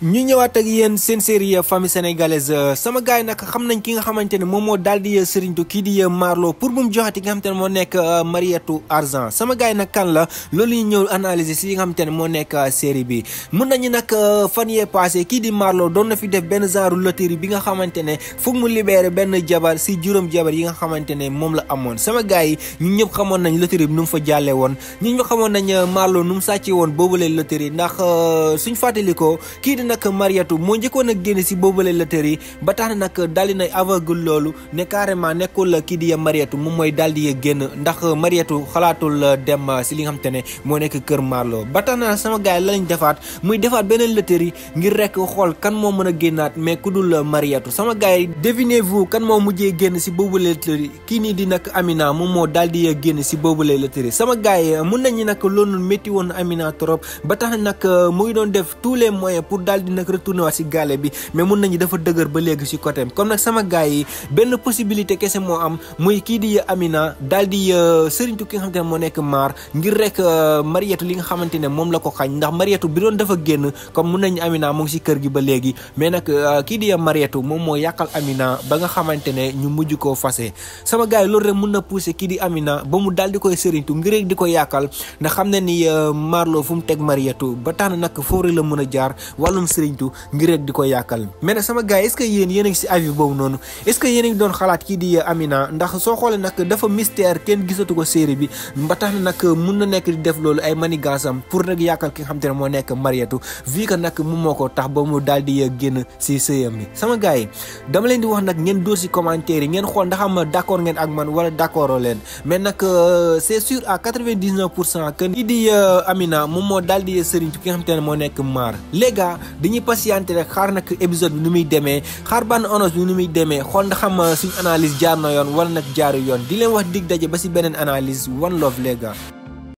ñu ñëwaat ak yéen seen série famille sénégalaise sama gaay yi nag xam nañ ki nga xamante ne moom moo daal di sëriñtu kii di Marlo pour mu joxati nga ne moo nekk euh, Mariétou Argent sama gars yi nag la loolu ñu ñëw analyser si nga xamante ne moo nekk euh, série bi mun nañu nag euh, fan yee passé kii di Marlo doon na fi def benn genre loterie bi nga xamante ne foog mu libéré benn jabar si juróom jabar yi nga xamante ne moom la amoon sama gars yi ñu ñëpp xamoon nañ loterie bi nu mu fa jàllee woon ñu ñëpp xamoon nañ Marlo nu mu sàccee woon boobu boobule loterie ndax suñ fàttalikoo kii di nag Mariétou moo njëkkoon a génn si boobale loterie ba tax na nag daal di nay aveugle loolu ne carrément nekkul kii di Mariétou moom mooy daal di génn ndax Mariétou xalaatul dem si li nga xam te ne moo nekk Kër Marlo ba tax na sama gars yi la lañ defaat muy defaat beneen loterie ngir rek xool kan moo mën a génnaat mais ku dul Mariétou sama gars yi devinez-vous kan moo mujjee génn si boobale loterie kii nii di nag Amina moom moo daal di génn si boobu boobale loterie sama gars yi mun nañu nag loolu métti woon Amina trop ba tax nag mu ngi doon def tous les moyens pour daal dal di nag retourner wat ci galé bi mais mën nañu dafa deuguer ba légui si côté comme nak sama gaay yi benn possibilité kese mo am muy ki di amina dal di euh, serigne touki nga xamante mo nek mar ngir rek euh, marietu li nga xamante ne moom la ko xagn ndax marietu bi doon dafa génn comme mën nañu amina mo ngi si kër gi ba légui mais nak euh, ki di marietu mom mo yakal amina ba nga xamante ne ñu mujj ko fase sama gaay lool rek mën na pousser ki di amina ba mu dal di koy tou ngir rek di ko yakal. ndax xam ni marlo fu mu teg marietu ba tan nak nag foofu la jaar walum Serigne Tou ngir rek di ko yàkkal mais nag sama gars yi est ce yéen yéen ngi si avis boobu noonu est ce que yéen a ngi doon xalaat kii di euh, Amina ndax soo xoolee nag dafa mystère kenn gisatu ko série bi ba tax na nag mun na nekk di def loolu ay manigasam pour nag yàkkal ki nga xam ne moo nekk Mariétou vu que nag moom moo tax ba mu daal di euh, génn si sëyam bi sama gars yi dama leen di wax nag ngeen dóor si commentaire yi ngeen xool ndax am d'accord ngeen ak man wala d'accord leen mais nag euh, c'est sûr à 99 pour cent que kii di Amina moom moo daal di Serigne ki nga xam te ne moo nekk maar les gars dañuy patienter rek xaar nak épisode bi nu muy demee xaar bande annonce bi nu muy demee xool nga xam euh, suñu analyse jaar na yoon wala nag jaaru yoon di leen wax dig daje ba si beneen analise one love les